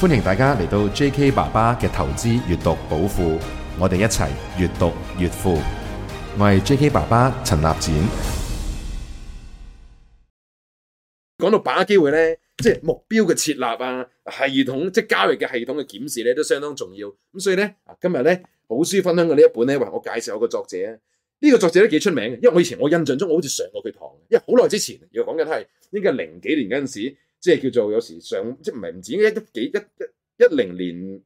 歡迎大家嚟到 J.K. 爸爸嘅投資閱讀寶庫，我哋一齊閱讀越富。我係 J.K. 爸爸陳立展。講到把握機會咧，即係目標嘅設立啊，系統即係交易嘅系統嘅檢視咧，都相當重要。咁所以咧，今日咧好書分享嘅呢一本咧，為我介紹一個作者，呢個作者都幾出名嘅，因為我以前我印象中，我好似上過佢堂，因為好耐之前，如果講緊係應該零幾年嗰陣時。即係叫做有時上，即係唔係唔止，一幾一一一零年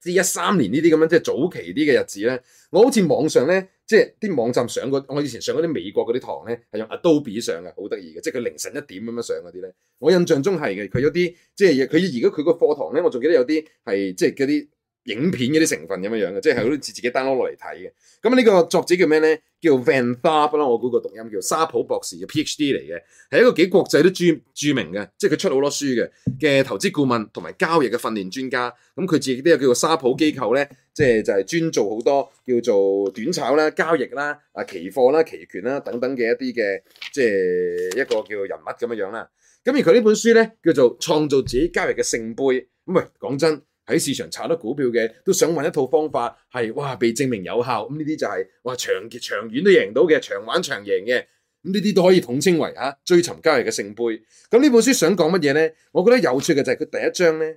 至一三年呢啲咁樣，即係早期啲嘅日子咧，我好似網上咧，即係啲網站上過，我以前上嗰啲美國嗰啲堂咧係用 Adobe 上嘅，好得意嘅，即係佢凌晨一點咁樣上嗰啲咧。我印象中係嘅，佢有啲即係佢而家佢個課堂咧，我仲記得有啲係即係嗰啲。影片嗰啲成分咁樣樣嘅，即係好似自己 download 落嚟睇嘅。咁呢個作者叫咩咧？叫 Van Tharp 啦，我估個讀音叫沙普博士嘅 PhD 嚟嘅，係一個幾國際都著著名嘅，即係佢出好多書嘅嘅投資顧問同埋交易嘅訓練專家。咁佢自己都有叫做沙普機構咧，即係就係、是、專做好多叫做短炒啦、交易啦、啊期貨啦、期權啦等等嘅一啲嘅，即係一個叫人物咁樣樣啦。咁而佢呢本書咧叫做《創造自己交易嘅聖杯》。咁喂，講真。喺市場炒得股票嘅，都想揾一套方法係哇，被證明有效咁，呢啲就係、是、哇長期長遠都贏到嘅，長玩長贏嘅，咁呢啲都可以統稱為嚇、啊、追尋交易嘅聖盃。咁呢本書想講乜嘢呢？我覺得有趣嘅就係佢第一章呢，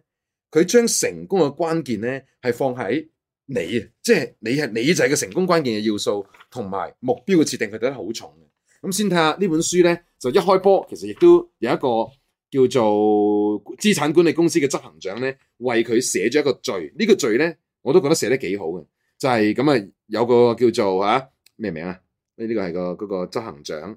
佢將成功嘅關鍵呢係放喺你即係、就是、你係你就係個成功關鍵嘅要素同埋目標嘅設定，佢睇得好重嘅。咁先睇下呢本書呢，就一開波其實亦都有一個。叫做資產管理公司嘅執行長咧，為佢寫咗一個序。呢、這個序咧，我都覺得寫得幾好嘅，就係咁啊。有個叫做嚇咩名啊？呢呢、這個係個嗰、這個執行長，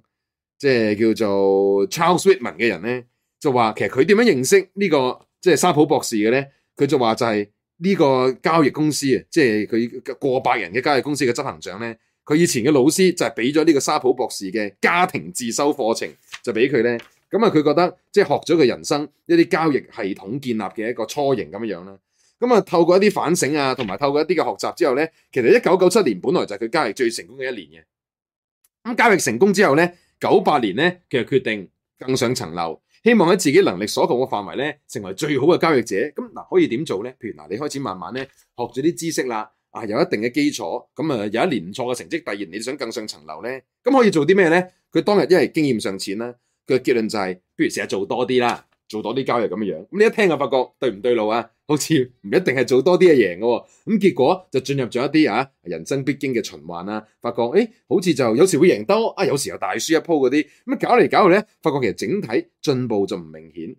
即、就、係、是、叫做 Charles Whitman 嘅人咧，就話其實佢點樣認識呢、這個即係、就是、沙普博士嘅咧？佢就話就係呢個交易公司啊，即係佢過百人嘅交易公司嘅執行長咧，佢以前嘅老師就係俾咗呢個沙普博士嘅家庭自修課程，就俾佢咧。咁啊，佢覺得即係學咗佢人生一啲交易系統建立嘅一個初型咁樣樣啦。咁啊，透過一啲反省啊，同埋透過一啲嘅學習之後咧，其實一九九七年本來就係佢交易最成功嘅一年嘅。咁交易成功之後咧，九八年咧，其實決定更上層樓，希望喺自己能力所到嘅範圍咧，成為最好嘅交易者。咁嗱，可以點做咧？譬如嗱，你開始慢慢咧學咗啲知識啦，啊，有一定嘅基礎，咁啊，有一年唔錯嘅成績，突然你想更上層樓咧，咁可以做啲咩咧？佢當日因為經驗上淺啦。個結論就係、是，不如成日做多啲啦，做多啲交易咁樣樣。咁你一聽就發覺對唔對路啊？好似唔一定係做多啲就贏噶、哦。咁結果就進入咗一啲啊，人生必經嘅循環啊。發覺誒，好似就有時會贏多，啊，有時又大輸一鋪嗰啲。咁搞嚟搞去咧，發覺其實整體進步就唔明顯。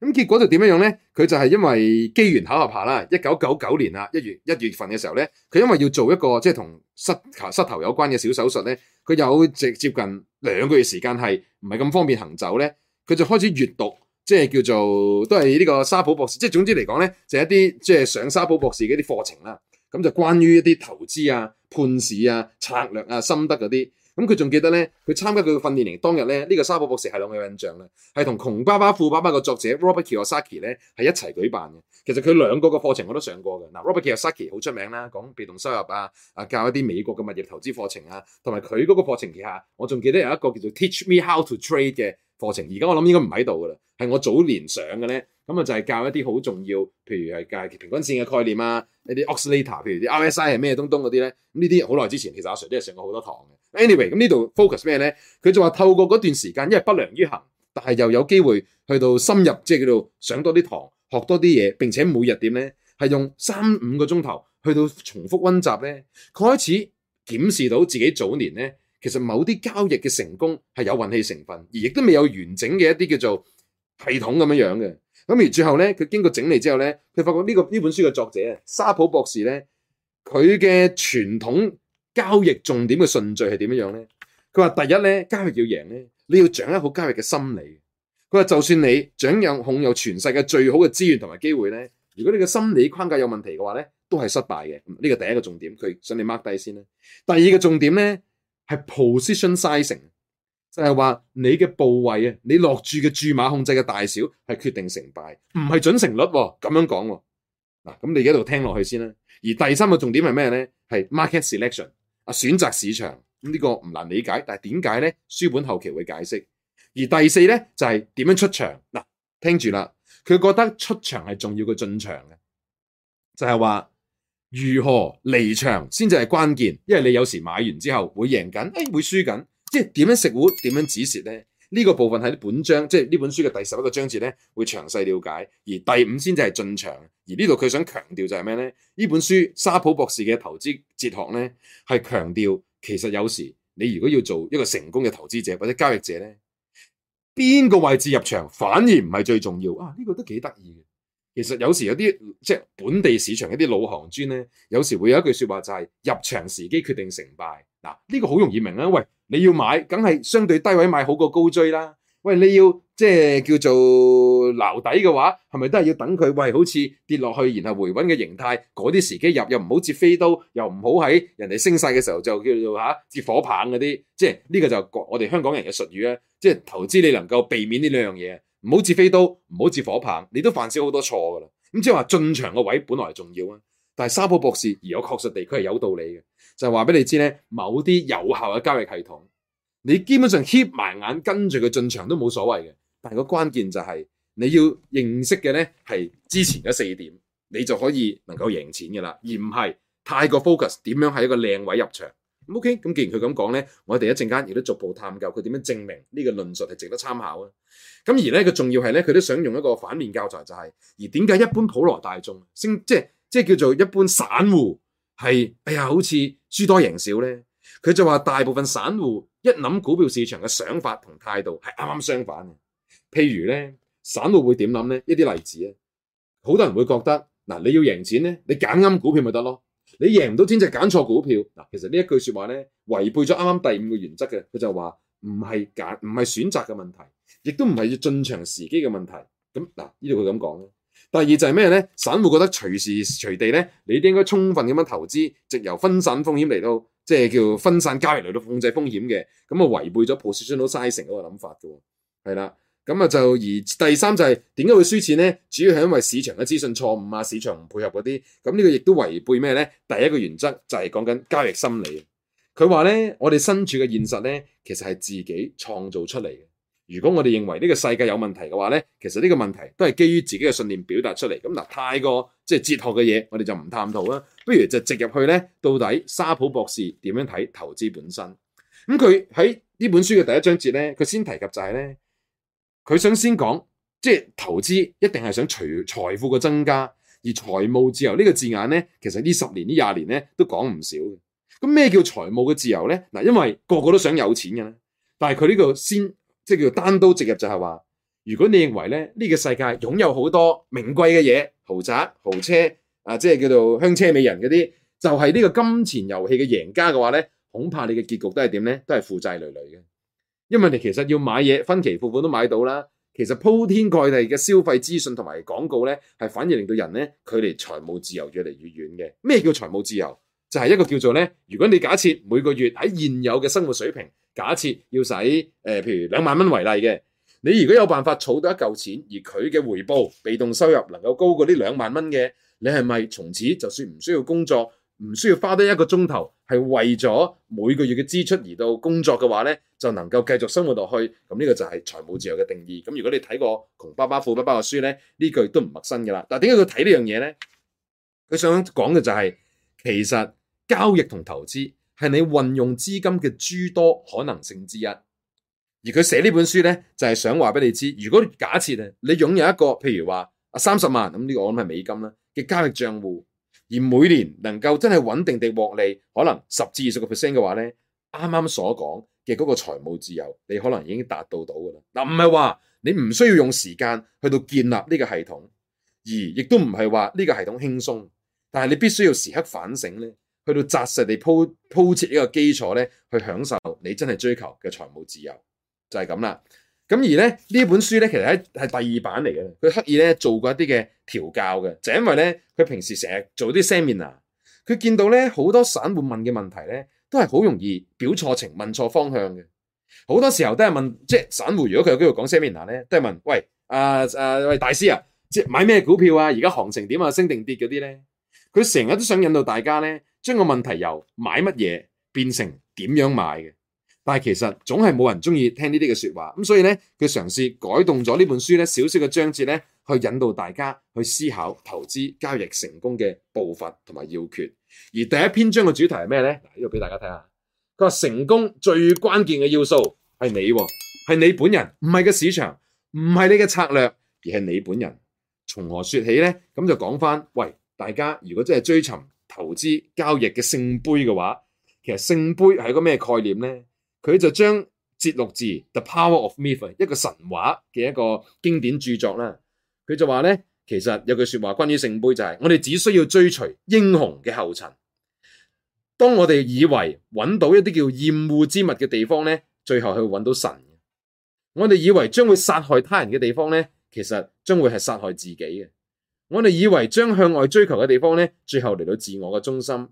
咁結果就點樣樣咧？佢就係因為機緣巧合下啦，一九九九年啊，一月一月份嘅時候咧，佢因為要做一個即係同膝啊膝頭有關嘅小手術咧，佢就好直接近。兩個月時間係唔係咁方便行走咧？佢就開始閲讀，即係叫做都係呢個沙普博士，即係總之嚟講咧，就係一啲即係上沙普博士嘅一啲課程啦。咁就關於一啲投資啊、判市啊、策略啊、心得嗰啲。咁佢仲記得咧，佢參加佢嘅訓練營當日咧，呢、這個沙堡博士係兩個印象咧，係同窮爸爸富爸爸嘅作者 Robert Kiyosaki 咧係一齊舉辦嘅。其實佢兩個嘅課程我都上過嘅。嗱、呃、Robert Kiyosaki 好出名啦，講被動收入啊，啊教一啲美國嘅物業投資課程啊，同埋佢嗰個課程旗下，我仲記得有一個叫做 Teach Me How to Trade 嘅課程。而家我諗應該唔喺度噶啦，係我早年上嘅咧。咁啊，就係教一啲好重要，譬如係教平均線嘅概念啊，一啲 oscillator，譬如啲 RSI 係咩東東嗰啲咧。呢啲好耐之前，其實阿 Sir 都係上過好多堂嘅。Anyway，咁呢度 focus 咩咧？佢就話透過嗰段時間，因為不良於行，但係又有機會去到深入，即係叫做上多啲堂，學多啲嘢。並且每日點咧，係用三五個鐘頭去到重複温習咧。佢開始檢視到自己早年咧，其實某啲交易嘅成功係有運氣成分，而亦都未有完整嘅一啲叫做系統咁樣樣嘅。咁而最後咧，佢經過整理之後咧，佢發覺呢個呢本書嘅作者沙普博士咧，佢嘅傳統交易重點嘅順序係點樣咧？佢話第一咧，交易要贏咧，你要掌握好交易嘅心理。佢話就算你掌握控有全世界最好嘅資源同埋機會咧，如果你嘅心理框架有問題嘅話咧，都係失敗嘅。呢個第一個重點，佢想你 mark 低先啦。第二個重點咧，係 position sizing。就係話你嘅部位啊，你落住嘅注碼控制嘅大小係決定成敗，唔係準成率咁、啊、樣講、啊。嗱，咁你喺度聽落去先啦。而第三個重點係咩咧？係 market selection 啊，選擇市場咁呢、呢個唔難理解，但係點解咧？書本後期會解釋。而第四咧就係點樣出場嗱，聽住啦，佢覺得出場係重要過進場嘅，就係、係、話如何離場先至係關鍵，因為你有時買完之後會贏緊，誒會輸緊。即係點樣食糊？點樣止蝕咧？呢個部分喺本章，即係呢本書嘅第十一個章節咧，會詳細了解。而第五先至係進場。而呢度佢想強調就係咩咧？呢本書沙普博士嘅投資哲學咧，係強調其實有時你如果要做一個成功嘅投資者或者交易者咧，邊個位置入場反而唔係最重要啊。呢個都幾得意嘅。其實有時有啲即係本地市場一啲老行尊咧，有時會有一句說話就係入場時機決定成敗。嗱，呢個好容易明啦。喂，你要買，梗係相對低位買好過高追啦。喂，你要即係叫做撈底嘅話，係咪都係要等佢？喂，好似跌落去然後回穩嘅形態，嗰啲時機入又唔好接飛刀，又唔好喺人哋升晒嘅時候就叫做吓、啊、接火棒嗰啲。即係呢、這個就我哋香港人嘅術語咧，即係投資你能夠避免呢兩樣嘢，唔好接飛刀，唔好接火棒，你都犯少好多錯噶啦。咁即係話進場嘅位本來係重要啊，但係沙普博士而我確實地，佢係有道理嘅。就係話俾你知咧，某啲有效嘅交易系統，你基本上 keep 埋眼跟住佢進場都冇所謂嘅。但係個關鍵就係、是、你要認識嘅咧係之前嘅四點，你就可以能夠贏錢噶啦，而唔係太過 focus 點樣喺一個靚位入場。OK，咁既然佢咁講咧，我哋一陣間亦都逐步探究佢點樣證明呢個論述係值得參考啊。咁而咧，個重要係咧，佢都想用一個反面教材就係、是，而點解一般普羅大眾，即係即係叫做一般散戶。係，哎呀，好似輸多贏少咧。佢就話大部分散戶一諗股票市場嘅想法同態度係啱啱相反嘅。譬如咧，散戶會點諗咧？一啲例子啊，好多人會覺得嗱，你要贏錢咧，你揀啱股票咪得咯。你贏唔到錢就揀錯股票嗱。其實呢一句説話咧，違背咗啱啱第五個原則嘅。佢就話唔係揀，唔係選，選擇嘅問題，亦都唔係要進場時機嘅問題。咁嗱，呢度佢咁講咧。第二就係咩咧？散戶覺得隨時隨地咧，你都應該充分咁樣投資，直由分散風險嚟到，即係叫分散交易嚟到控制風險嘅，咁啊違背咗 position sizing 嗰個諗法嘅。係啦，咁啊就而第三就係點解會輸錢咧？主要係因為市場嘅資訊錯誤啊，市場唔配合嗰啲，咁呢個亦都違背咩咧？第一個原則就係講緊交易心理。佢話咧，我哋身處嘅現實咧，其實係自己創造出嚟。如果我哋認為呢個世界有問題嘅話咧，其實呢個問題都係基於自己嘅信念表達出嚟。咁嗱，太過即係哲學嘅嘢，我哋就唔探討啦。不如就直入去咧，到底沙普博士點樣睇投資本身？咁佢喺呢本書嘅第一章節咧，佢先提及就係咧，佢想先講，即係投資一定係想除財富嘅增加而財務自由呢個字眼咧。其實呢十年呢廿年咧都講唔少嘅。咁咩叫財務嘅自由咧？嗱，因為個個都想有錢嘅，但係佢呢個先。即叫單刀直入，就係話，如果你認為咧呢個世界擁有好多名貴嘅嘢，豪宅、豪車啊，即係叫做香車美人嗰啲，就係呢個金錢遊戲嘅贏家嘅話咧，恐怕你嘅結局都係點咧？都係負債累累嘅，因為你其實要買嘢分期付款都買到啦，其實鋪天蓋地嘅消費資訊同埋廣告咧，係反而令到人咧距離財務自由越嚟越遠嘅。咩叫財務自由？就係一個叫做呢。如果你假設每個月喺現有嘅生活水平，假設要使誒、呃，譬如兩萬蚊為例嘅，你如果有辦法儲到一嚿錢，而佢嘅回報、被動收入能夠高過呢兩萬蚊嘅，你係咪從此就算唔需要工作，唔需要花多一個鐘頭係為咗每個月嘅支出而到工作嘅話呢，就能夠繼續生活落去？咁呢個就係財務自由嘅定義。咁如果你睇過《窮爸爸、富爸爸》嘅書呢，呢句都唔陌生㗎啦。但係點解佢睇呢樣嘢呢？佢想講嘅就係其實。交易同投資係你運用資金嘅諸多可能性之一，而佢寫呢本書呢，就係想話俾你知，如果假設咧你擁有一個譬如話啊三十萬咁呢個我諗係美金啦嘅交易賬戶，而每年能夠真係穩定地獲利可能十至二十個 percent 嘅話呢，啱啱所講嘅嗰個財務自由，你可能已經達到到噶啦。嗱，唔係話你唔需要用時間去到建立呢個系統，而亦都唔係話呢個系統輕鬆，但係你必須要時刻反省咧。去到紮實地鋪鋪設呢個基礎咧，去享受你真係追求嘅財務自由，就係咁啦。咁而咧呢本書咧，其實喺係第二版嚟嘅，佢刻意咧做過一啲嘅調教嘅，就因為咧佢平時成日做啲 seminar，佢見到咧好多散戶問嘅問題咧，都係好容易表錯情、問錯方向嘅。好多時候都係問，即係散戶如果佢有機會講 seminar 咧，都係問：喂，啊、呃、啊、呃，大師啊，即係買咩股票啊？而家行情點啊？升定跌嗰啲咧？佢成日都想引導大家咧。將個問題由買乜嘢，變成點樣買嘅。但係其實總係冇人中意聽呢啲嘅說話，咁所以呢，佢嘗試改動咗呢本書呢少少嘅章節呢，去引導大家去思考投資交易成功嘅步伐同埋要訣。而第一篇章嘅主題係咩呢？呢度俾大家睇下，佢話成功最關鍵嘅要素係你，哦，係你本人，唔係個市場，唔係你嘅策略，而係你本人。從何說起呢？咁就講翻，喂，大家如果真係追尋。投資交易嘅聖杯嘅話，其實聖杯係一個咩概念呢？佢就將節錄自《The Power of Myth》一個神話嘅一個經典著作啦。佢就話呢，其實有句説話關於聖杯就係、是：我哋只需要追隨英雄嘅後塵。當我哋以為揾到一啲叫厭惡之物嘅地方呢，最後去揾到神；我哋以為將會殺害他人嘅地方呢，其實將會係殺害自己嘅。我哋以為將向外追求嘅地方咧，最後嚟到自我嘅中心。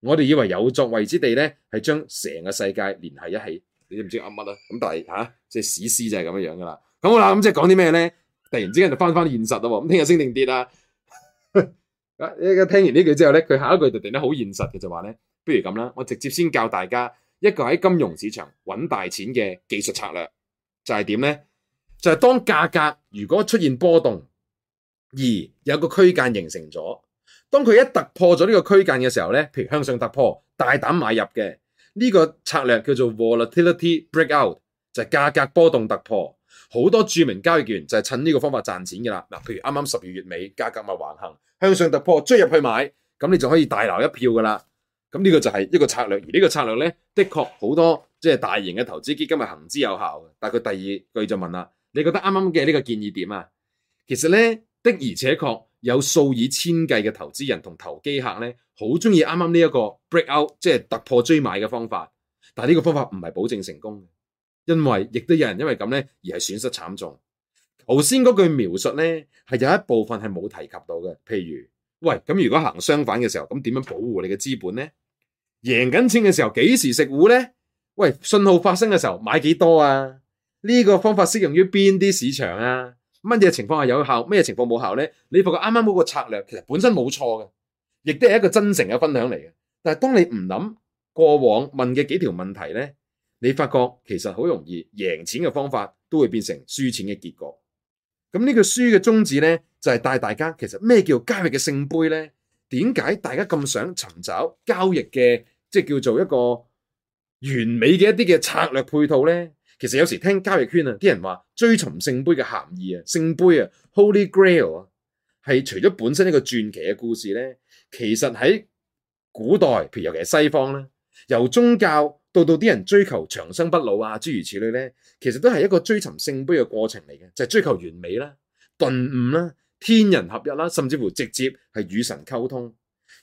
我哋以為有作為之地咧，係將成個世界聯繫一起。你知唔知啱乜啊？咁但係吓，即係史詩就係咁樣樣噶啦。咁好啦，咁即係講啲咩咧？突然之間就翻翻現實咯。咁聽日升定跌啊？啊，而家聽完呢句之後咧，佢下一句就定得好現實嘅，就話咧，不如咁啦，我直接先教大家一個喺金融市場搵大錢嘅技術策略，就係點咧？就係當價格如果出現波動，而有個區間形成咗，當佢一突破咗呢個區間嘅時候呢，譬如向上突破，大膽買入嘅呢個策略叫做 volatility breakout，就係價格波動突破。好多著名交易員就係趁呢個方法賺錢噶啦。嗱，譬如啱啱十二月尾價格咪橫行向上突破，追入去買，咁你就可以大撈一票噶啦。咁呢個就係一個策略，而呢個策略呢，的確好多即係大型嘅投資基金係行之有效，但係佢第二句就問啦，你覺得啱啱嘅呢個建議點啊？其實呢。的而且確有數以千計嘅投資人同投機客咧，好中意啱啱呢一個 breakout，即係突破追買嘅方法。但係呢個方法唔係保證成功，因為亦都有人因為咁咧而係損失慘重。頭先嗰句描述咧係有一部分係冇提及到嘅，譬如喂咁，如果行相反嘅時候，咁點樣保護你嘅資本呢？贏緊錢嘅時候幾時食糊呢？喂，信號發生嘅時候買幾多啊？呢個方法適用於邊啲市場啊？乜嘢情況下有效，咩情況冇效呢？你發覺啱啱嗰個策略其實本身冇錯嘅，亦都係一個真誠嘅分享嚟嘅。但係當你唔諗過往問嘅幾條問題咧，你發覺其實好容易贏錢嘅方法都會變成輸錢嘅結果。咁呢個書嘅宗旨咧，就係帶大家其實咩叫交易嘅聖杯咧？點解大家咁想尋找交易嘅即係叫做一個完美嘅一啲嘅策略配套咧？其實有時聽交易圈啊，啲人話追尋聖杯嘅含義啊，聖杯啊，Holy Grail 啊，係除咗本身一個傳奇嘅故事咧，其實喺古代，譬如尤其係西方咧，由宗教到到啲人追求長生不老啊，諸如此類咧，其實都係一個追尋聖杯嘅過程嚟嘅，就係追求完美啦、頓悟啦、天人合一啦，甚至乎直接係與神溝通。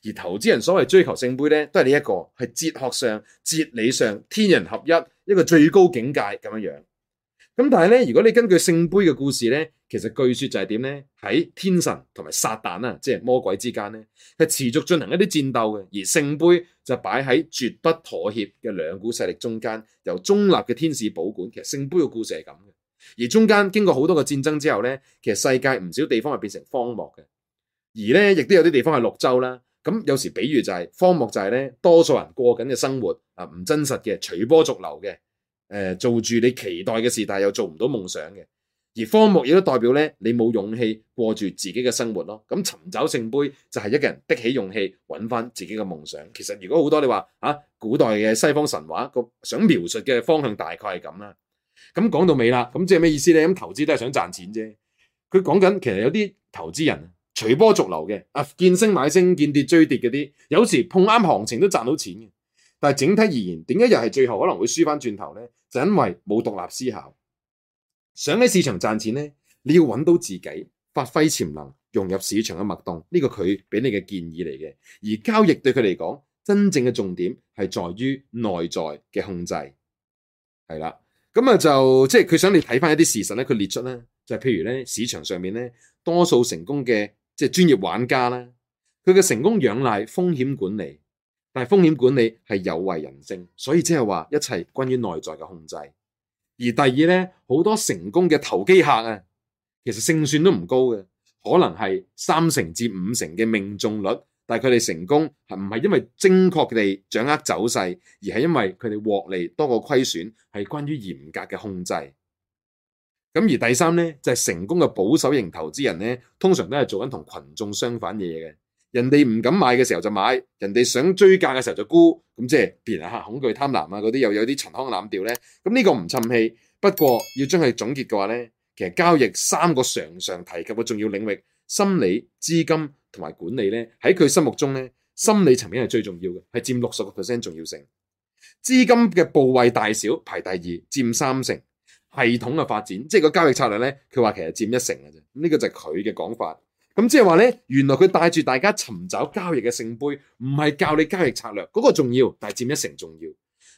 而投資人所謂追求聖杯咧，都係呢一個係哲學上、哲理上、天人合一一個最高境界咁樣樣。咁但係咧，如果你根據聖杯嘅故事咧，其實據説就係點咧？喺天神同埋撒旦啊，即係魔鬼之間咧，係持續進行一啲戰鬥嘅。而聖杯就擺喺絕不妥協嘅兩股勢力中間，由中立嘅天使保管。其實聖杯嘅故事係咁嘅。而中間經過好多個戰爭之後咧，其實世界唔少地方係變成荒漠嘅，而咧亦都有啲地方係綠洲啦。咁有時，比喻就係荒漠，就係咧多數人過緊嘅生活啊，唔真實嘅，隨波逐流嘅，誒、呃、做住你期待嘅事，但係又做唔到夢想嘅。而荒漠亦都代表咧，你冇勇氣過住自己嘅生活咯。咁、嗯、尋找聖杯就係一個人鼓起勇氣揾翻自己嘅夢想。其實如果好多你話吓、啊、古代嘅西方神話個想描述嘅方向大概係咁啦。咁、嗯、講到尾啦，咁即係咩意思咧？咁投資都係想賺錢啫。佢講緊其實有啲投資人。隨波逐流嘅啊，見升買升，見跌追跌嗰啲，有時碰啱行情都賺到錢嘅。但係整體而言，點解又係最後可能會輸翻轉頭呢？就因為冇獨立思考。想喺市場賺錢呢，你要揾到自己，發揮潛能，融入市場嘅脈動。呢個佢俾你嘅建議嚟嘅。而交易對佢嚟講，真正嘅重點係在於內在嘅控制。係啦，咁啊就即係佢想你睇翻一啲事實呢，佢列出呢，就係譬如呢，市場上面呢，多數成功嘅。即係專業玩家啦，佢嘅成功仰賴風險管理，但係風險管理係有違人性，所以即係話一切關於內在嘅控制。而第二咧，好多成功嘅投機客啊，其實勝算都唔高嘅，可能係三成至五成嘅命中率，但係佢哋成功係唔係因為精確地掌握走勢，而係因為佢哋獲利多過虧損，係關於嚴格嘅控制。咁而第三呢，就係成功嘅保守型投資人呢，通常都係做緊同群眾相反嘅嘢嘅。人哋唔敢買嘅時候就買，人哋想追價嘅時候就沽。咁即係譬如，恐懼、貪婪啊嗰啲又有啲陳腔濫調呢。咁呢個唔侵氣。不過要將佢總結嘅話呢，其實交易三個常常提及嘅重要領域，心理、資金同埋管理呢，喺佢心目中呢，心理層面係最重要嘅，係佔六十個 percent 重要性。資金嘅部位大小排第二，佔三成。系統嘅發展，即係個交易策略咧。佢話其實佔一成嘅啫。呢個就係佢嘅講法。咁、嗯、即係話咧，原來佢帶住大家尋找交易嘅聖杯，唔係教你交易策略嗰個重要，但係佔一成重要。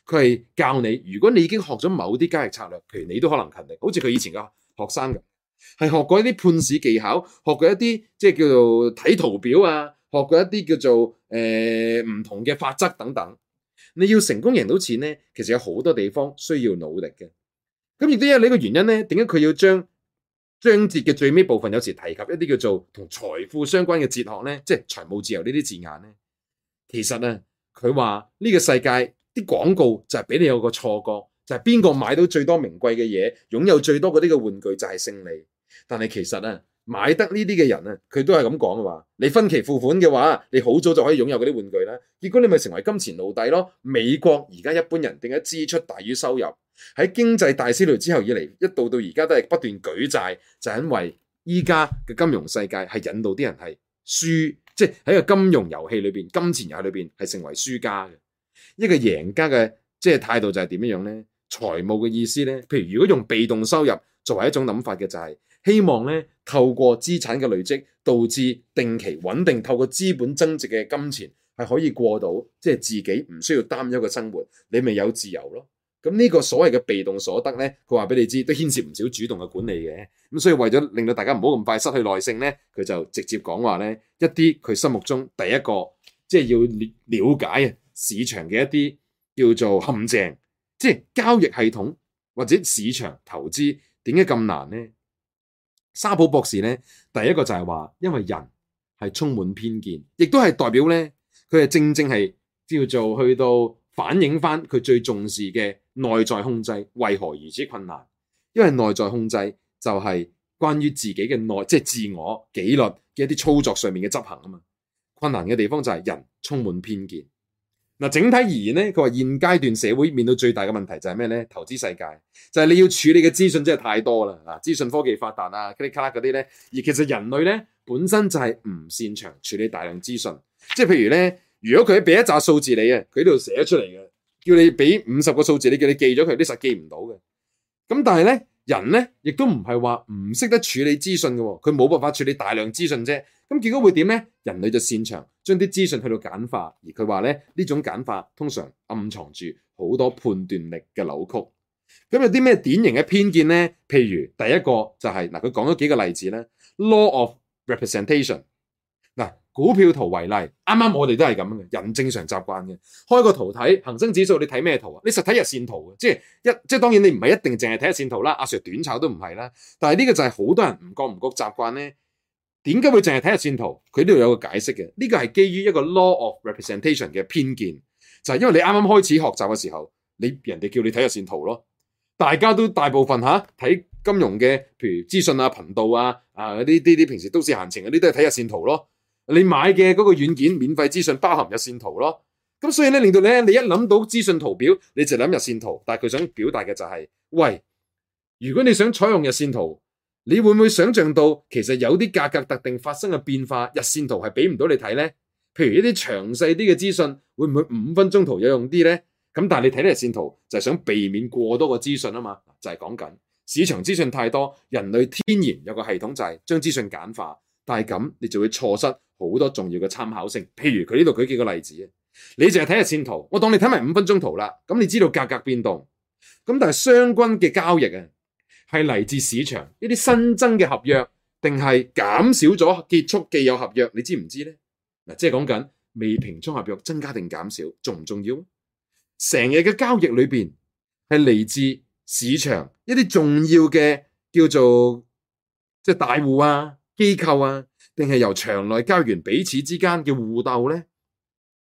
佢係教你，如果你已經學咗某啲交易策略，譬如你都可能勤力，好似佢以前嘅學生嘅，係學過一啲判市技巧，學過一啲即係叫做睇圖表啊，學過一啲叫做誒唔同嘅法則等等。你要成功贏到錢咧，其實有好多地方需要努力嘅。咁亦都有呢個原因咧，點解佢要將章節嘅最尾部分有時提及一啲叫做同財富相關嘅哲學咧，即係財務自由呢啲字眼咧？其實啊，佢話呢個世界啲廣告就係俾你有個錯覺，就係邊個買到最多名貴嘅嘢，擁有最多嗰啲嘅玩具就係勝利。但係其實啊。買得呢啲嘅人咧，佢都係咁講噶嘛？你分期付款嘅話，你好早就可以擁有嗰啲玩具啦。結果你咪成為金錢奴隸咯。美國而家一般人點解支出大於收入？喺經濟大蕭條之後以嚟，一到到而家都係不斷舉債，就是、因為依家嘅金融世界係引導啲人係輸，即係喺個金融遊戲裏邊、金錢遊戲裏邊係成為輸家嘅。一個贏家嘅即係態度就係點樣呢？財務嘅意思呢？譬如如果用被動收入作為一種諗法嘅就係、是。希望咧，透過資產嘅累積，導致定期穩定，透過資本增值嘅金錢，係可以過到即係自己唔需要擔憂嘅生活，你咪有自由咯。咁呢個所謂嘅被動所得咧，佢話俾你知都牽涉唔少主動嘅管理嘅。咁所以為咗令到大家唔好咁快失去耐性咧，佢就直接講話咧一啲佢心目中第一個即係要了解市場嘅一啲叫做陷阱，即係交易系統或者市場投資點解咁難呢？沙普博士咧，第一個就係話，因為人係充滿偏見，亦都係代表咧，佢係正正係叫做去到反映返佢最重視嘅內在控制為何如此困難，因為內在控制就係關於自己嘅內即係、就是、自我紀律嘅一啲操作上面嘅執行啊嘛，困難嘅地方就係人充滿偏見。嗱，整體而言咧，佢話現階段社會面對最大嘅問題就係咩咧？投資世界就係你要處理嘅資訊真係太多啦。嗱，資訊科技發達啊，嗰啲卡嗰啲咧，而其實人類咧，本身就係唔擅長處理大量資訊。即係譬如咧，如果佢俾一紮數字你啊，佢呢度寫出嚟嘅，叫你俾五十個數字，你叫你記咗佢，你實記唔到嘅。咁但係咧。人咧亦都唔係話唔識得處理資訊嘅，佢冇辦法處理大量資訊啫。咁結果會點咧？人類就擅長將啲資訊去到簡化，而佢話咧呢種簡化通常暗藏住好多判斷力嘅扭曲。咁有啲咩典型嘅偏見咧？譬如第一個就係，嗱，佢講咗幾個例子咧，law of representation。股票圖為例，啱啱我哋都係咁嘅，人正常習慣嘅。開個圖睇恒生指數，你睇咩圖啊？你實睇日線圖嘅，即係一即係當然你唔係一定淨係睇日線圖啦，阿 Sir 短炒都唔係啦。但係呢個就係好多人唔覺唔覺習慣咧。點解會淨係睇日線圖？佢呢度有個解釋嘅，呢、這個係基於一個 law of representation 嘅偏見，就係、是、因為你啱啱開始學習嘅時候，你人哋叫你睇日線圖咯。大家都大部分嚇睇金融嘅，譬如資訊啊頻道啊啊呢啲啲平時都市行情嗰啲都係睇日線圖咯。你買嘅嗰個軟件免費資訊包含日線圖咯，咁所以咧令到咧你，你一諗到資訊圖表，你就諗日線圖。但係佢想表達嘅就係，喂，如果你想採用日線圖，你會唔會想象到其實有啲價格特定發生嘅變化，日線圖係俾唔到你睇呢？譬如一啲詳細啲嘅資訊，會唔會五分鐘圖有用啲呢？咁但係你睇日線圖就係想避免過多嘅資訊啊嘛，就係講緊市場資訊太多，人類天然有個系統就係將資訊簡化。但係咁，你就會錯失好多重要嘅參考性。譬如佢呢度舉幾個例子啊，你淨係睇日線圖，我當你睇埋五分鐘圖啦。咁你知道價格變動，咁但係相關嘅交易啊，係嚟自市場一啲新增嘅合約，定係減少咗結束既有合約？你知唔知咧？嗱，即係講緊未平倉合約增加定減少，重唔重要？成日嘅交易裏邊係嚟自市場一啲重要嘅叫做即係、就是、大戶啊。機構啊，定係由場內交易員彼此之間嘅互鬥呢？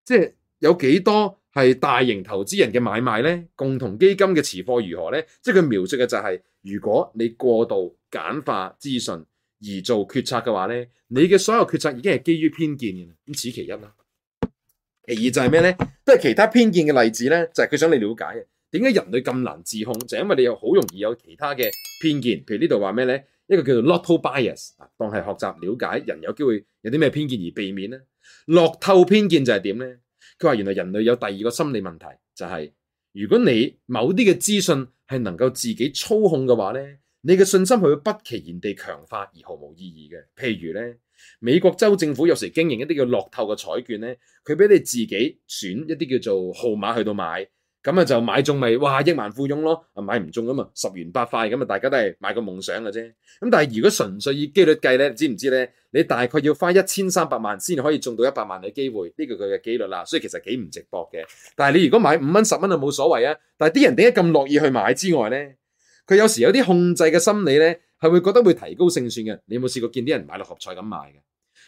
即係有幾多係大型投資人嘅買賣呢？共同基金嘅持貨如何呢？即係佢描述嘅就係、是，如果你過度簡化資訊而做決策嘅話呢，你嘅所有決策已經係基於偏見嘅。咁此其一啦。其二就係咩呢？都係其他偏見嘅例子呢，就係、是、佢想你了解嘅。點解人類咁難自控？就係、是、因為你又好容易有其他嘅偏見。譬如呢度話咩呢？呢個叫做樂透偏見，啊，當係學習了解人有機會有啲咩偏見而避免咧。樂透偏見就係點咧？佢話原來人類有第二個心理問題就係、是，如果你某啲嘅資訊係能夠自己操控嘅話咧，你嘅信心係會不其然地強化而毫無意義嘅。譬如咧，美國州政府有時經營一啲叫樂透嘅彩券咧，佢俾你自己選一啲叫做號碼去到買。咁啊就買中咪，哇，億萬富翁咯！啊，買唔中咁嘛，十元八塊咁啊，大家都係買個夢想嘅啫。咁但係如果純粹以機率計咧，知唔知咧？你大概要花一千三百萬先可以中到一百萬嘅機會，呢個佢嘅機率啦。所以其實幾唔值博嘅。但係你如果買五蚊十蚊啊冇所謂啊。但係啲人點解咁樂意去買之外咧？佢有時有啲控制嘅心理咧，係會覺得會提高勝算嘅。你有冇試過見啲人買六合彩咁買嘅？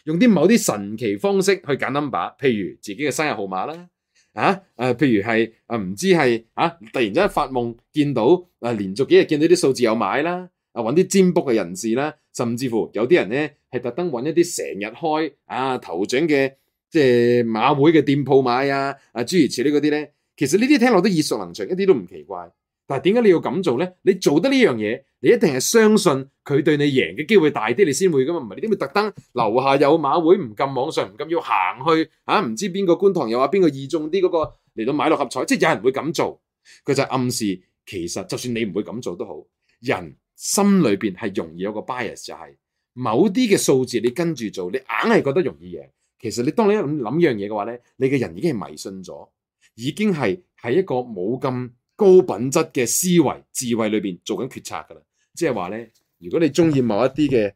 用啲某啲神奇方式去揀 number，譬如自己嘅生日號碼啦。啊！誒、啊，譬如係誒，唔、啊、知係啊，突然之間發夢見到誒、啊，連續幾日見到啲數字有買啦，啊，揾啲占卜嘅人士啦，甚至乎有啲人咧係特登揾一啲成日開啊頭獎嘅即係馬會嘅店鋪買啊，諸如此類嗰啲咧，其實呢啲聽落都耳熟能詳，一啲都唔奇怪。但係點解你要咁做咧？你做得呢樣嘢，你一定係相信佢對你贏嘅機會大啲，你先會噶嘛？唔係你點會特登樓下有馬會唔撳網上，唔撳要行去吓？唔、啊、知邊個觀塘又話邊個易中啲嗰個嚟到買六合彩？即係有人會咁做，佢就暗示其實就算你唔會咁做都好，人心裏邊係容易有個 bias，就係、是、某啲嘅數字你跟住做，你硬係覺得容易贏。其實你當你諗諗樣嘢嘅話咧，你嘅人已經係迷信咗，已經係係一個冇咁高品質嘅思維智慧裏邊做緊決策噶啦，即係話咧，如果你中意某一啲嘅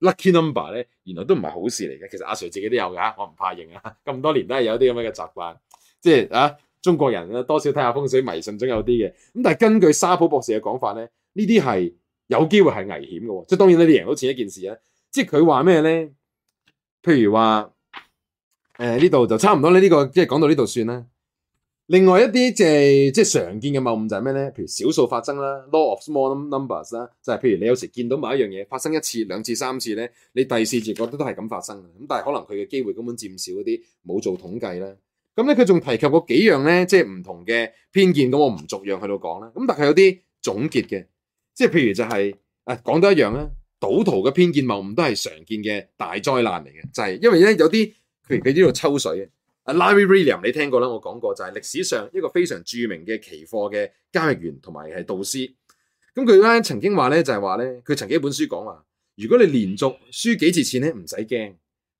lucky number 咧，原來都唔係好事嚟嘅。其實阿 Sir 自己都有嘅，我唔怕認啊。咁多年都係有啲咁樣嘅習慣，即係啊，中國人咧多少睇下風水迷信中有啲嘅。咁但係根據沙普博士嘅講法咧，呢啲係有機會係危險嘅。即係當然咧，贏到錢一件事啊。即係佢話咩咧？譬如話，誒呢度就差唔多呢，呢個即係講到呢度算啦。另外一啲、就是、即係即係常見嘅謬誤就係咩咧？譬如少數發生啦，law of small numbers 啦，就係譬如你有時見到某一樣嘢發生一次、兩次、三次咧，你第四次覺得都係咁發生嘅，咁但係可能佢嘅機會根本佔少啲冇做統計啦。咁咧佢仲提及過幾樣咧，即係唔同嘅偏見咁，我唔逐樣去到講啦。咁但係有啲總結嘅，即係譬如就係、是、誒、啊、講多一樣啦，賭徒嘅偏見謬誤都係常見嘅大災難嚟嘅，就係、是、因為咧有啲譬如佢呢度抽水。Larry Williams 你聽過啦，我講過就係、是、歷史上一個非常著名嘅期貨嘅交易員同埋係導師。咁佢咧曾經話咧就係話咧，佢曾經一本書講話，如果你連續輸幾次錢咧，唔使驚，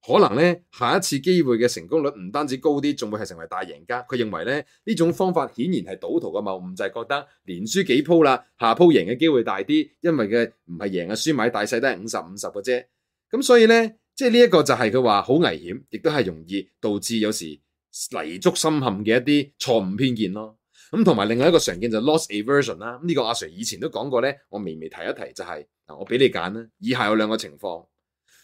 可能咧下一次機會嘅成功率唔單止高啲，仲會係成為大贏家。佢認為咧呢種方法顯然係賭徒嘅謬誤，就係、是、覺得連輸幾鋪啦，下鋪贏嘅機會大啲，因為嘅唔係贏嘅輸，買大細都係五十五十嘅啫。咁所以咧。即係呢一個就係佢話好危險，亦都係容易導致有時泥足深陷嘅一啲錯誤偏見咯。咁同埋另外一個常見就 loss aversion 啦。呢個阿 Sir 以前都講過咧，我微微提一提就係、嗱，我俾你揀啦。以下有兩個情況，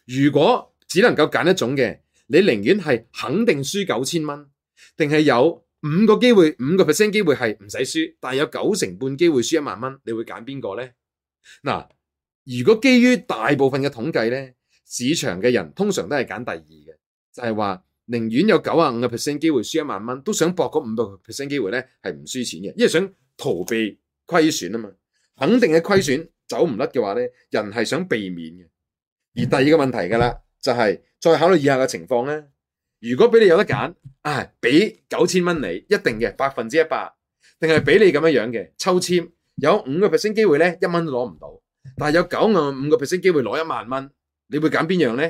如果只能夠揀一種嘅，你寧願係肯定輸九千蚊，定係有五個機會五個 percent 機會係唔使輸，但係有九成半機會輸一萬蚊，你會揀邊個咧？嗱，如果基於大部分嘅統計咧？市場嘅人通常都係揀第二嘅，就係話寧願有九啊五個 percent 機會輸一萬蚊，都想博嗰五個 percent 機會咧係唔輸錢嘅，因為想逃避虧損啊嘛。肯定嘅虧損走唔甩嘅話咧，人係想避免嘅。而第二個問題噶啦，就係、是、再考慮以下嘅情況咧，如果俾你有得揀，啊俾九千蚊你，一定嘅百分之一百，定係俾你咁樣樣嘅抽簽，有五個 percent 機會咧一蚊都攞唔到，但係有九啊五個 percent 機會攞一萬蚊。你會揀邊樣呢？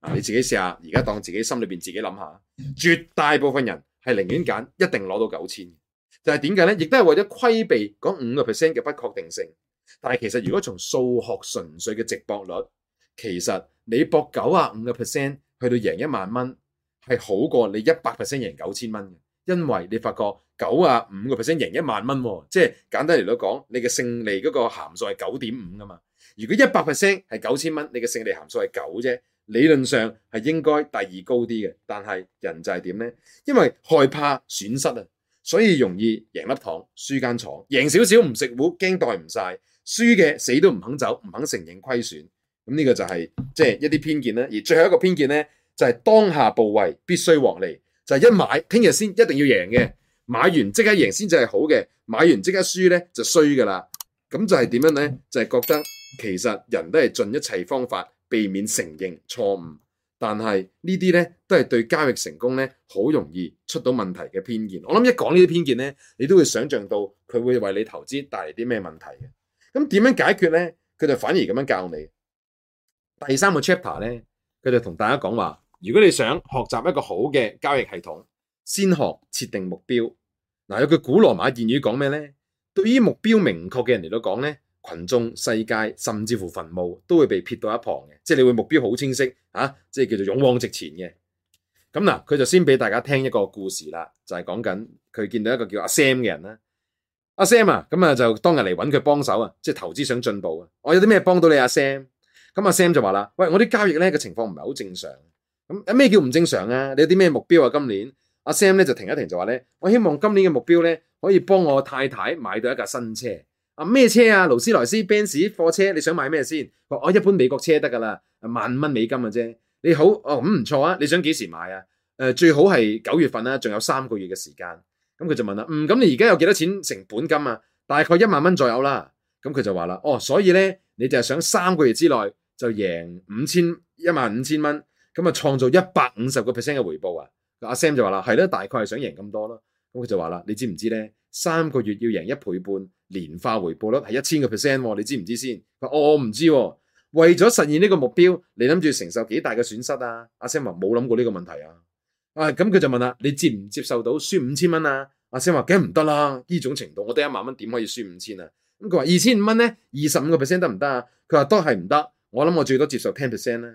啊，你自己試下，而家當自己心裏邊自己諗下，絕大部分人係寧願揀一定攞到九千，但係點解呢？亦都係為咗規避嗰五個 percent 嘅不確定性。但係其實如果從數學純粹嘅值博率，其實你博九啊五個 percent 去到贏一萬蚊，係好過你一百 percent 贏九千蚊嘅，因為你發覺九啊五個 percent 贏一萬蚊，即係簡單嚟到講，你嘅勝利嗰個函數係九點五㗎嘛。如果一百 percent 係九千蚊，你嘅勝利函數係九啫，理論上係應該第二高啲嘅。但係人就係點呢？因為害怕損失啊，所以容易贏粒糖，輸間廠。贏少少唔食糊，驚袋唔晒，輸嘅死都唔肯走，唔肯承認虧損。咁呢個就係即係一啲偏見啦。而最後一個偏見呢，就係當下部位必須獲利，就係一買聽日先一定要贏嘅，買完即刻贏先就係好嘅，買完即刻輸呢就衰噶啦。咁就係點樣呢？就係覺得。其實人都係盡一切方法避免承認錯誤，但係呢啲呢都係對交易成功呢好容易出到問題嘅偏見。我諗一講呢啲偏見呢，你都會想象到佢會為你投資帶嚟啲咩問題嘅。咁點樣解決呢？佢就反而咁樣教你。第三個 chapter 呢，佢就同大家講話：如果你想學習一個好嘅交易系統，先學設定目標。嗱，有句古羅馬諺語講咩呢？對於目標明確嘅人嚟到講呢，群眾、世界甚至乎墳墓都會被撇到一旁嘅，即係你會目標好清晰啊！即係叫做勇往直前嘅。咁嗱、啊，佢就先俾大家聽一個故事啦，就係講緊佢見到一個叫阿 Sam 嘅人啦。阿 Sam 啊，咁啊就當日嚟揾佢幫手啊，即係投資想進步啊。我有啲咩幫到你阿 Sam？咁阿 Sam 就話啦：喂，我啲交易呢個情況唔係好正常。咁咩叫唔正常啊？你有啲咩目標啊？今年阿 Sam 咧就停一停就話呢：「我希望今年嘅目標呢，可以幫我太太買到一架新車。啊咩車啊？勞斯萊斯、Benz 貨車，你想買咩先？我、哦、一般美國車得噶啦，萬蚊美金嘅啫。你好，哦咁唔錯啊。你想幾時買啊？誒、呃，最好係九月份啦、啊，仲有三個月嘅時間。咁佢就問啦，嗯，咁你而家有幾多錢成本金啊？大概一萬蚊左右啦。咁佢就話啦，哦，所以咧，你就係想三個月之內就贏五千一萬五千蚊，咁啊創造一百五十個 percent 嘅回報啊。阿 Sam 就話啦，係啦，大概係想贏咁多啦。咁佢就話啦，你知唔知咧？三個月要贏一倍半，年化回報率係一千個 percent，你知唔知先？話、哦、我唔知、啊，為咗實現呢個目標，你諗住承受幾大嘅損失啊？阿 Sam 話冇諗過呢個問題啊！啊、哎、咁、嗯、佢就問啦，你接唔接受到輸五千蚊啊？阿 Sam 話梗唔得啦，呢種程度我得一萬蚊點可以輸五千啊？咁佢話二千五蚊咧，二十五個 percent 得唔得啊？佢話都係唔得，我諗我最多接受 ten percent 啦。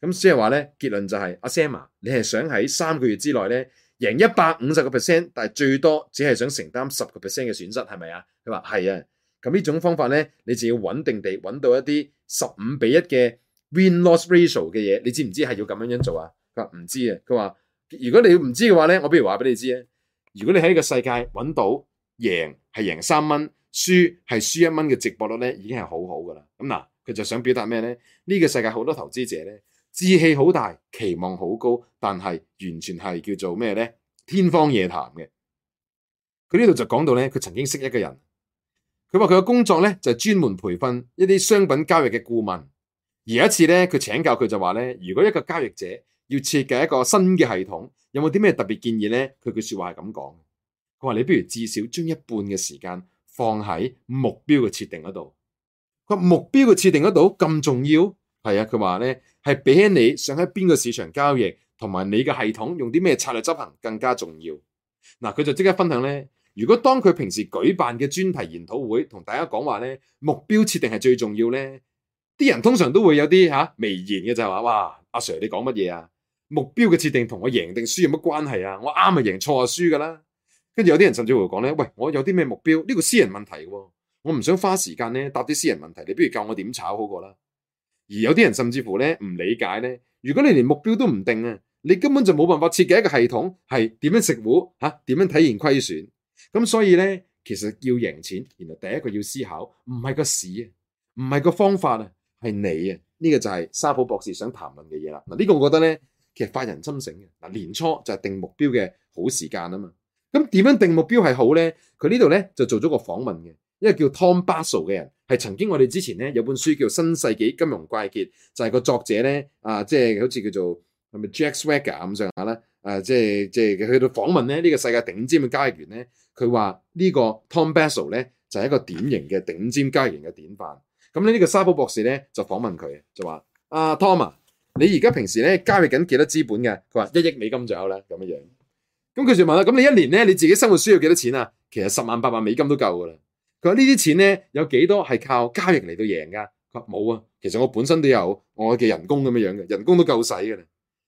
咁、啊、即係話咧，結論就係、是、阿 Sam、啊、你係想喺三個月之內咧。贏一百五十個 percent，但係最多只係想承擔十個 percent 嘅損失，係咪啊？佢話係啊，咁呢、嗯、種方法咧，你就要穩定地揾到一啲十五比一嘅 win loss ratio 嘅嘢，你知唔知係要咁樣樣做啊？佢話唔知啊，佢話如果你唔知嘅話咧，我不如話俾你知啊。如果你喺呢個世界揾到贏係贏三蚊，輸係輸一蚊嘅直播率咧，已經係好好噶啦。咁嗱，佢就想表達咩咧？呢、這個世界好多投資者咧。志氣好大，期望好高，但係完全係叫做咩呢？天方夜譚嘅。佢呢度就講到呢，佢曾經識一個人，佢話佢嘅工作呢，就係專門培訓一啲商品交易嘅顧問。而有一次呢，佢請教佢就話呢，如果一個交易者要設計一個新嘅系統，有冇啲咩特別建議呢？佢嘅說話係咁講，佢話你不如至少將一半嘅時間放喺目標嘅設定嗰度。佢話目標嘅設定嗰度咁重要，係啊，佢話呢。係比起你想喺邊個市場交易，同埋你嘅系統用啲咩策略執行更加重要。嗱、啊，佢就即刻分享咧。如果當佢平時舉辦嘅專題研討會，同大家講話咧，目標設定係最重要咧。啲人通常都會有啲吓、啊、微言嘅就係、是、話，哇，阿、啊、Sir 你講乜嘢啊？目標嘅設定同我贏定輸有乜關係啊？我啱咪贏錯，錯啊輸噶啦。跟住有啲人甚至乎講咧，喂，我有啲咩目標？呢、這個私人問題、哦，我唔想花時間咧答啲私人問題。你不如教我點炒好過啦。而有啲人甚至乎咧唔理解咧，如果你連目標都唔定啊，你根本就冇辦法設計一個系統，係點樣食糊吓，點、啊、樣體現虧損？咁所以咧，其實要贏錢，原來第一個要思考，唔係個市啊，唔係個方法啊，係你啊，呢、這個就係沙普博士想談論嘅嘢啦。嗱，呢個我覺得咧，其實發人深省嘅。嗱，年初就係定目標嘅好時間啊嘛。咁點樣定目標係好咧？佢呢度咧就做咗個訪問嘅。一個叫 Tom Basso 嘅人，係曾經我哋之前咧有本書叫《新世紀金融怪傑》，就係、是、個作者咧啊、呃，即係好似叫做係咪 Jack Swagger 咁上下啦。啊即係即係去到訪問咧呢、這個世界頂尖嘅交易員咧，佢話呢個 Tom Basso 咧就係、是、一個典型嘅頂尖交易員嘅典範。咁呢呢個沙寶博士咧就訪問佢，就話，阿、啊、Tom、啊、你而家平時咧交易緊幾多資本嘅？佢話一億美金左右啦，咁樣樣。咁佢就問啦，咁你一年咧你自己生活需要幾多錢啊？其實十萬、八萬美金都夠噶啦。佢話呢啲錢咧有幾多係靠交易嚟到贏㗎？佢話冇啊，其實我本身都有我嘅人工咁樣樣嘅，人工都夠使㗎啦。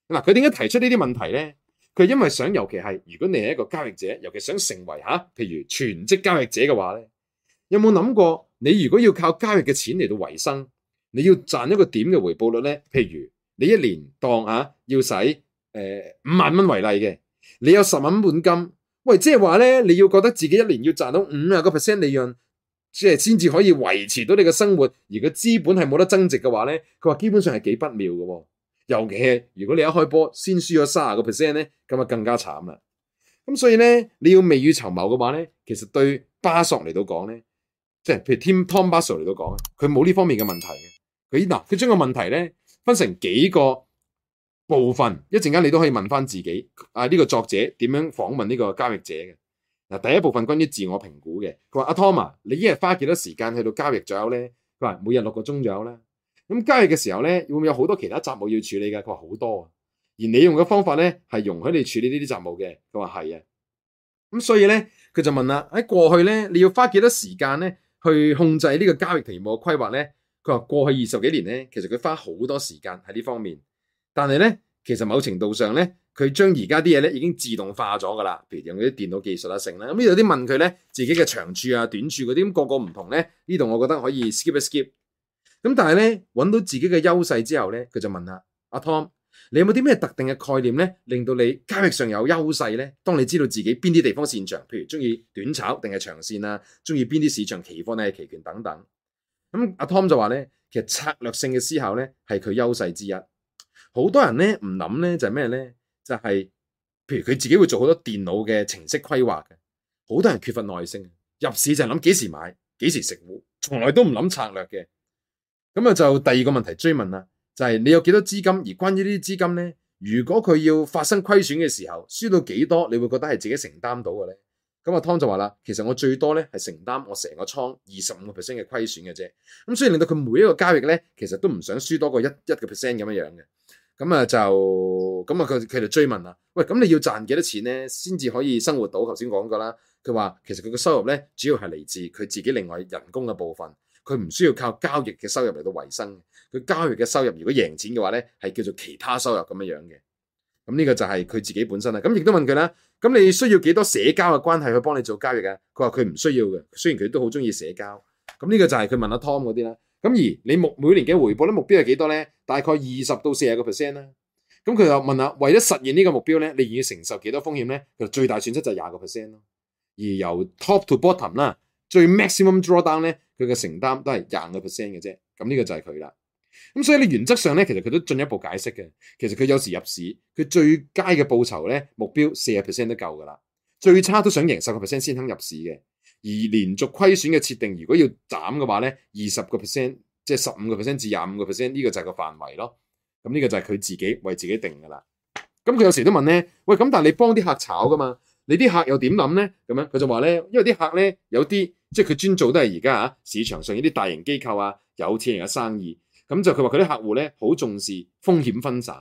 嗱、啊，佢點解提出呢啲問題咧？佢因為想，尤其係如果你係一個交易者，尤其想成為嚇、啊，譬如全職交易者嘅話咧，有冇諗過你如果要靠交易嘅錢嚟到維生，你要賺一個點嘅回報率咧？譬如你一年當嚇要使誒五萬蚊為例嘅，你有十蚊本金。喂，即係話咧，你要覺得自己一年要賺到五十個 percent 利潤，即係先至可以維持到你嘅生活。而個資本係冇得增值嘅話咧，佢話基本上係幾不妙嘅、哦。尤其係如果你一開波先輸咗三十個 percent 咧，咁啊更加慘啦。咁所以咧，你要未雨綢繆嘅話咧，其實對巴索嚟到講咧，即係譬如 Tim Tom Basso 嚟到講，佢冇呢方面嘅問題嘅。嗱，佢將個問題咧分成幾個部分一陣間你都可以問翻自己，啊呢、這個作者點樣訪問呢個交易者嘅？嗱，第一部分關於自我評估嘅。佢話阿 t o m a 你一日花幾多時間去到交易左右咧？佢話每日六個鐘左右啦。咁、嗯、交易嘅時候咧，會唔會有好多其他雜務要處理噶？佢話好多啊。而你用嘅方法咧，係容許你處理呢啲雜務嘅。佢話係啊。咁所以咧，佢就問啦，喺過去咧，你要花幾多時間咧去控制呢個交易題目嘅規劃咧？佢話過去二十幾年咧，其實佢花好多時間喺呢方面。但係咧，其實某程度上咧，佢將而家啲嘢咧已經自動化咗噶啦。譬如用嗰啲電腦技術啊剩啦，咁、嗯、有啲問佢咧自己嘅長處啊、短處嗰、啊、啲，咁個個唔同咧。呢度我覺得可以 sk skip skip。咁但係咧，揾到自己嘅優勢之後咧，佢就問下阿 Tom，、啊、你有冇啲咩特定嘅概念咧，令到你交易上有優勢咧？當你知道自己邊啲地方擅長，譬如中意短炒定係長線啊，中意邊啲市場呢、期貨定係期權等等。咁阿 Tom 就話咧，其實策略性嘅思考咧係佢優勢之一。好多人咧，唔諗咧就係咩咧就係，譬如佢自己會做好多電腦嘅程式規劃嘅。好多人缺乏耐性，入市就諗幾時買，幾時食糊，從來都唔諗策略嘅。咁啊就第二個問題追問啦，就係你有幾多資金？而關於呢啲資金咧，如果佢要發生虧損嘅時候，輸到幾多你會覺得係自己承擔到嘅咧？咁阿湯就話啦，其實我最多咧係承擔我成個倉二十五個 percent 嘅虧損嘅啫。咁所以令到佢每一個交易咧，其實都唔想輸多過一一個 percent 咁樣樣嘅。咁啊就咁啊佢佢就追問啦，喂咁你要賺幾多錢咧先至可以生活到？頭先講過啦，佢話其實佢嘅收入咧主要係嚟自佢自己另外人工嘅部分，佢唔需要靠交易嘅收入嚟到維生。佢交易嘅收入如果贏錢嘅話咧，係叫做其他收入咁樣樣嘅。咁呢個就係佢自己本身啦。咁亦都問佢啦，咁你需要幾多社交嘅關係去幫你做交易啊？佢話佢唔需要嘅，雖然佢都好中意社交。咁呢個就係佢問阿 Tom 嗰啲啦。咁而你目每年嘅回報咧目標係幾多咧？大概二十到四十個 percent 啦。咁佢又問啊，為咗實現呢個目標咧，你願意承受幾多風險咧？佢最大損失就係廿個 percent 咯。而由 top to bottom 啦、um，最 maximum drawdown 咧，佢嘅承擔都係廿個 percent 嘅啫。咁呢個就係佢啦。咁所以你原則上咧，其實佢都進一步解釋嘅。其實佢有時入市，佢最佳嘅報酬咧目標四十 percent 都夠噶啦，最差都想贏十個 percent 先肯入市嘅。而連續虧損嘅設定，如果要斬嘅話咧，二十個 percent，即係十五個 percent 至廿五個 percent，呢個就係個範圍咯。咁、這、呢個就係佢自己為自己定噶啦。咁、嗯、佢有時都問咧，喂，咁但係你幫啲客炒噶嘛？你啲客又點諗咧？咁樣佢就話咧，因為啲客咧有啲即係佢專做都係而家啊市場上呢啲大型機構啊，有錢人嘅生意。咁、嗯、就佢話佢啲客戶咧好重視風險分散，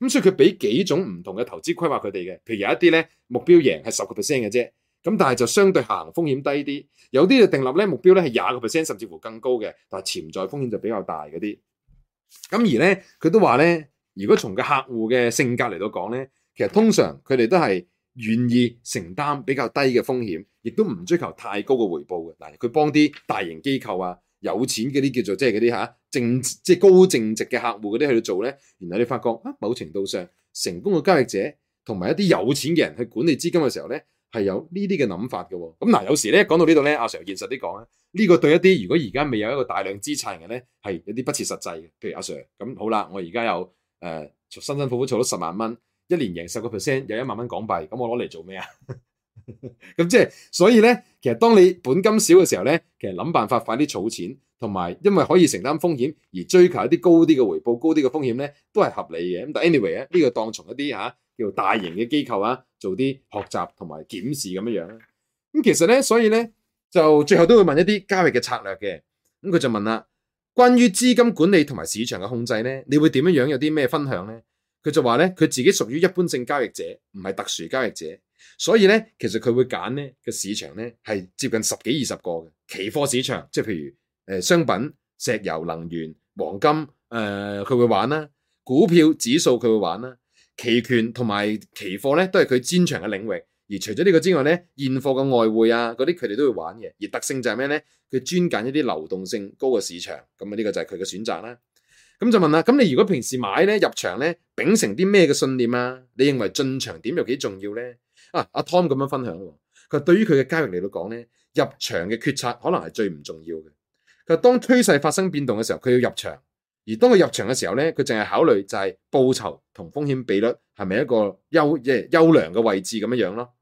咁、嗯、所以佢俾幾種唔同嘅投資規劃佢哋嘅，譬如有一啲咧目標贏係十個 percent 嘅啫。咁但係就相對行風險低啲，有啲就定立咧目標咧係廿個 percent 甚至乎更高嘅，但係潛在風險就比較大嗰啲。咁而咧佢都話咧，如果從個客戶嘅性格嚟到講咧，其實通常佢哋都係願意承擔比較低嘅風險，亦都唔追求太高嘅回報嘅。嗱，佢幫啲大型機構啊、有錢嗰啲叫做即係嗰啲嚇正即係高淨值嘅客戶嗰啲去做咧，然後你發覺啊，某程度上成功嘅交易者同埋一啲有錢嘅人去管理資金嘅時候咧。係有呢啲嘅諗法嘅、哦，咁嗱、啊、有時咧講到呢度咧，阿、啊、Sir 現實啲講咧，呢、這個對一啲如果而家未有一個大量資產嘅咧，係有啲不切實際嘅。譬如阿、啊、Sir 咁好啦，我而家有誒、呃、辛辛苦苦儲咗十萬蚊，一年贏十個 percent，有一萬蚊港幣，咁我攞嚟做咩啊？咁即係所以咧，其實當你本金少嘅時候咧，其實諗辦法快啲儲錢，同埋因為可以承擔風險而追求一啲高啲嘅回報、高啲嘅風險咧，都係合理嘅。咁但 anyway 咧、啊，呢、這個當從一啲嚇、啊、叫做大型嘅機構啊。做啲學習同埋檢視咁樣樣咧，咁其實咧，所以咧就最後都會問一啲交易嘅策略嘅，咁佢就問啦，關於資金管理同埋市場嘅控制咧，你會點樣樣有啲咩分享咧？佢就話咧，佢自己屬於一般性交易者，唔係特殊交易者，所以咧，其實佢會揀呢個市場咧係接近十幾二十個嘅期貨市場，即係譬如誒商品、石油、能源、黃金，誒、呃、佢會玩啦，股票指數佢會玩啦。期權同埋期貨咧，都係佢專長嘅領域。而除咗呢個之外咧，現貨嘅外匯啊，嗰啲佢哋都會玩嘅。而特性就係咩咧？佢專揀一啲流動性高嘅市場。咁啊，呢個就係佢嘅選擇啦。咁就問啦，咁你如果平時買咧，入場咧，秉承啲咩嘅信念啊？你認為進場點又幾重要咧？啊，阿 Tom 咁樣分享，佢對於佢嘅交易嚟到講咧，入場嘅決策可能係最唔重要嘅。佢當趨勢發生變動嘅時候，佢要入場。而當佢入場嘅時候咧，佢淨係考慮就係報酬同風險比率係咪一個優即係優良嘅位置咁樣樣咯。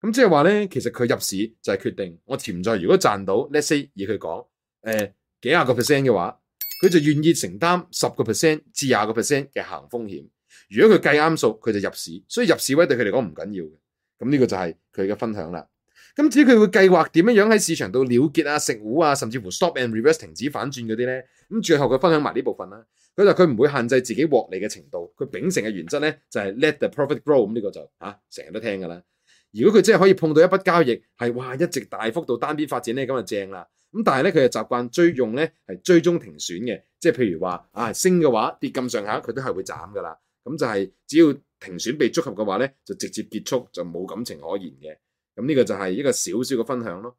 咁即係話咧，其實佢入市就係決定我潛在如果賺到，let’s say 以佢講，誒、呃、幾廿個 percent 嘅話，佢就願意承擔十個 percent 至廿個 percent 嘅行風險。如果佢計啱數，佢就入市。所以入市位對佢嚟講唔緊要嘅。咁呢個就係佢嘅分享啦。咁至於佢會計劃點樣樣喺市場度了結啊食糊啊，甚至乎 stop and reverse 停止反轉嗰啲咧？咁最後佢分享埋呢部分啦。佢就佢唔會限制自己獲利嘅程度。佢秉承嘅原則咧，就係 let the profit grow。咁呢個就嚇成日都聽㗎啦。如果佢真係可以碰到一筆交易係，哇，一直大幅度單邊發展咧，咁就正啦。咁但係咧，佢又習慣追用咧係追蹤停損嘅，即係譬如啊話啊升嘅話跌咁上下佢都係會斬㗎啦。咁就係只要停損被觸及嘅話咧，就直接結束，就冇感情可言嘅。咁呢個就係一個小小嘅分享咯。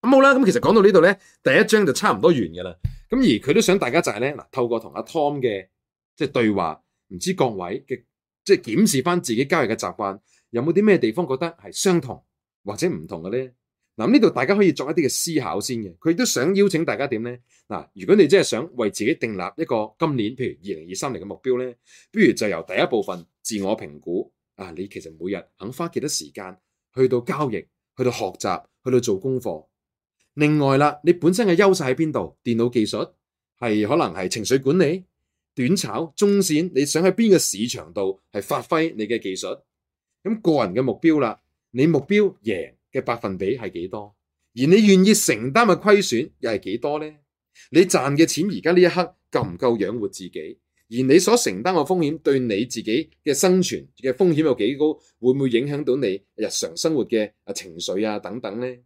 咁好啦，咁其實講到呢度咧，第一章就差唔多完㗎啦。咁而佢都想大家就係咧，嗱，透過同阿 Tom 嘅即係對話，唔知各位嘅即係檢視翻自己交易嘅習慣，有冇啲咩地方覺得係相同或者唔同嘅咧？嗱，呢度大家可以作一啲嘅思考先嘅。佢都想邀請大家點咧？嗱，如果你真係想為自己訂立一個今年，譬如二零二三年嘅目標咧，不如就由第一部分自我評估啊，你其實每日肯花幾多時間去到交易、去到學習、去到做功課。另外啦，你本身嘅優勢喺邊度？電腦技術係可能係情緒管理、短炒、中線，你想喺邊個市場度係發揮你嘅技術？咁個人嘅目標啦，你目標贏嘅百分比係幾多？而你願意承擔嘅虧損又係幾多呢？你賺嘅錢而家呢一刻夠唔夠養活自己？而你所承擔嘅風險對你自己嘅生存嘅風險有幾高？會唔會影響到你日常生活嘅情緒啊等等呢？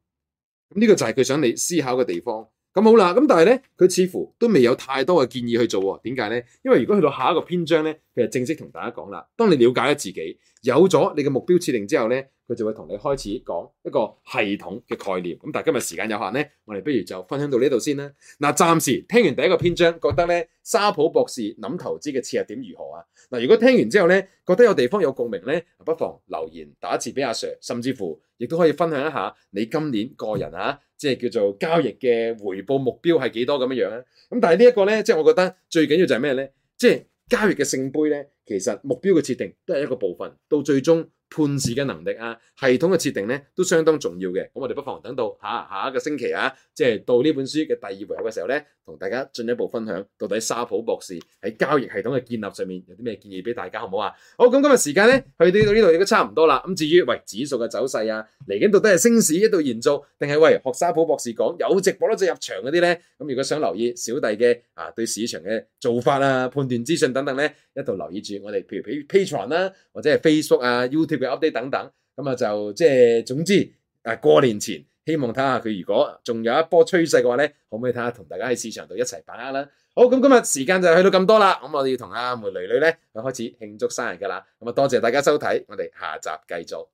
呢個就係佢想你思考嘅地方。咁好啦，咁但係呢，佢似乎都未有太多嘅建議去做喎。點解呢？因為如果去到下一個篇章呢，佢就正式同大家講啦，當你了解咗自己，有咗你嘅目標設定之後呢。佢就會同你開始講一個系統嘅概念。咁但係今日時間有限呢，我哋不如就分享到呢度先啦。嗱，暫時聽完第一個篇章，覺得呢，沙普博士諗投資嘅切入點如何啊？嗱，如果聽完之後呢，覺得有地方有共鳴呢，不妨留言打字俾阿 Sir，甚至乎亦都可以分享一下你今年個人啊，即係叫做交易嘅回報目標係幾多咁樣樣咧？咁、啊、但係呢一個呢，即係我覺得最緊要就係咩呢？即係交易嘅聖盃呢，其實目標嘅設定都係一個部分，到最終。判事嘅能力啊，系統嘅設定咧都相當重要嘅。咁我哋不妨等到下下一個星期啊，即係到呢本書嘅第二回合嘅時候咧，同大家進一步分享到底沙普博士喺交易系統嘅建立上面有啲咩建議俾大家好唔好啊？好，咁今日時間咧去到呢度亦都差唔多啦。咁至於喂指數嘅走勢啊，嚟緊到底係升市一度延續，定係喂學沙普博士講有直播咧就入場嗰啲咧？咁如果想留意小弟嘅啊對市場嘅做法啊、判斷資訊等等咧，一度留意住我哋譬如譬如 p, Patreon 啦、啊，或者係 Facebook 啊、YouTube，update 等等咁啊，就即係總之啊，過年前希望睇下佢如果仲有一波趨勢嘅話咧，可唔可以睇下同大家喺市場度一齊把握啦？好，咁今日時間就去到咁多啦。咁我哋要同阿梅女女咧開始慶祝生日噶啦。咁啊，多謝大家收睇，我哋下集繼續。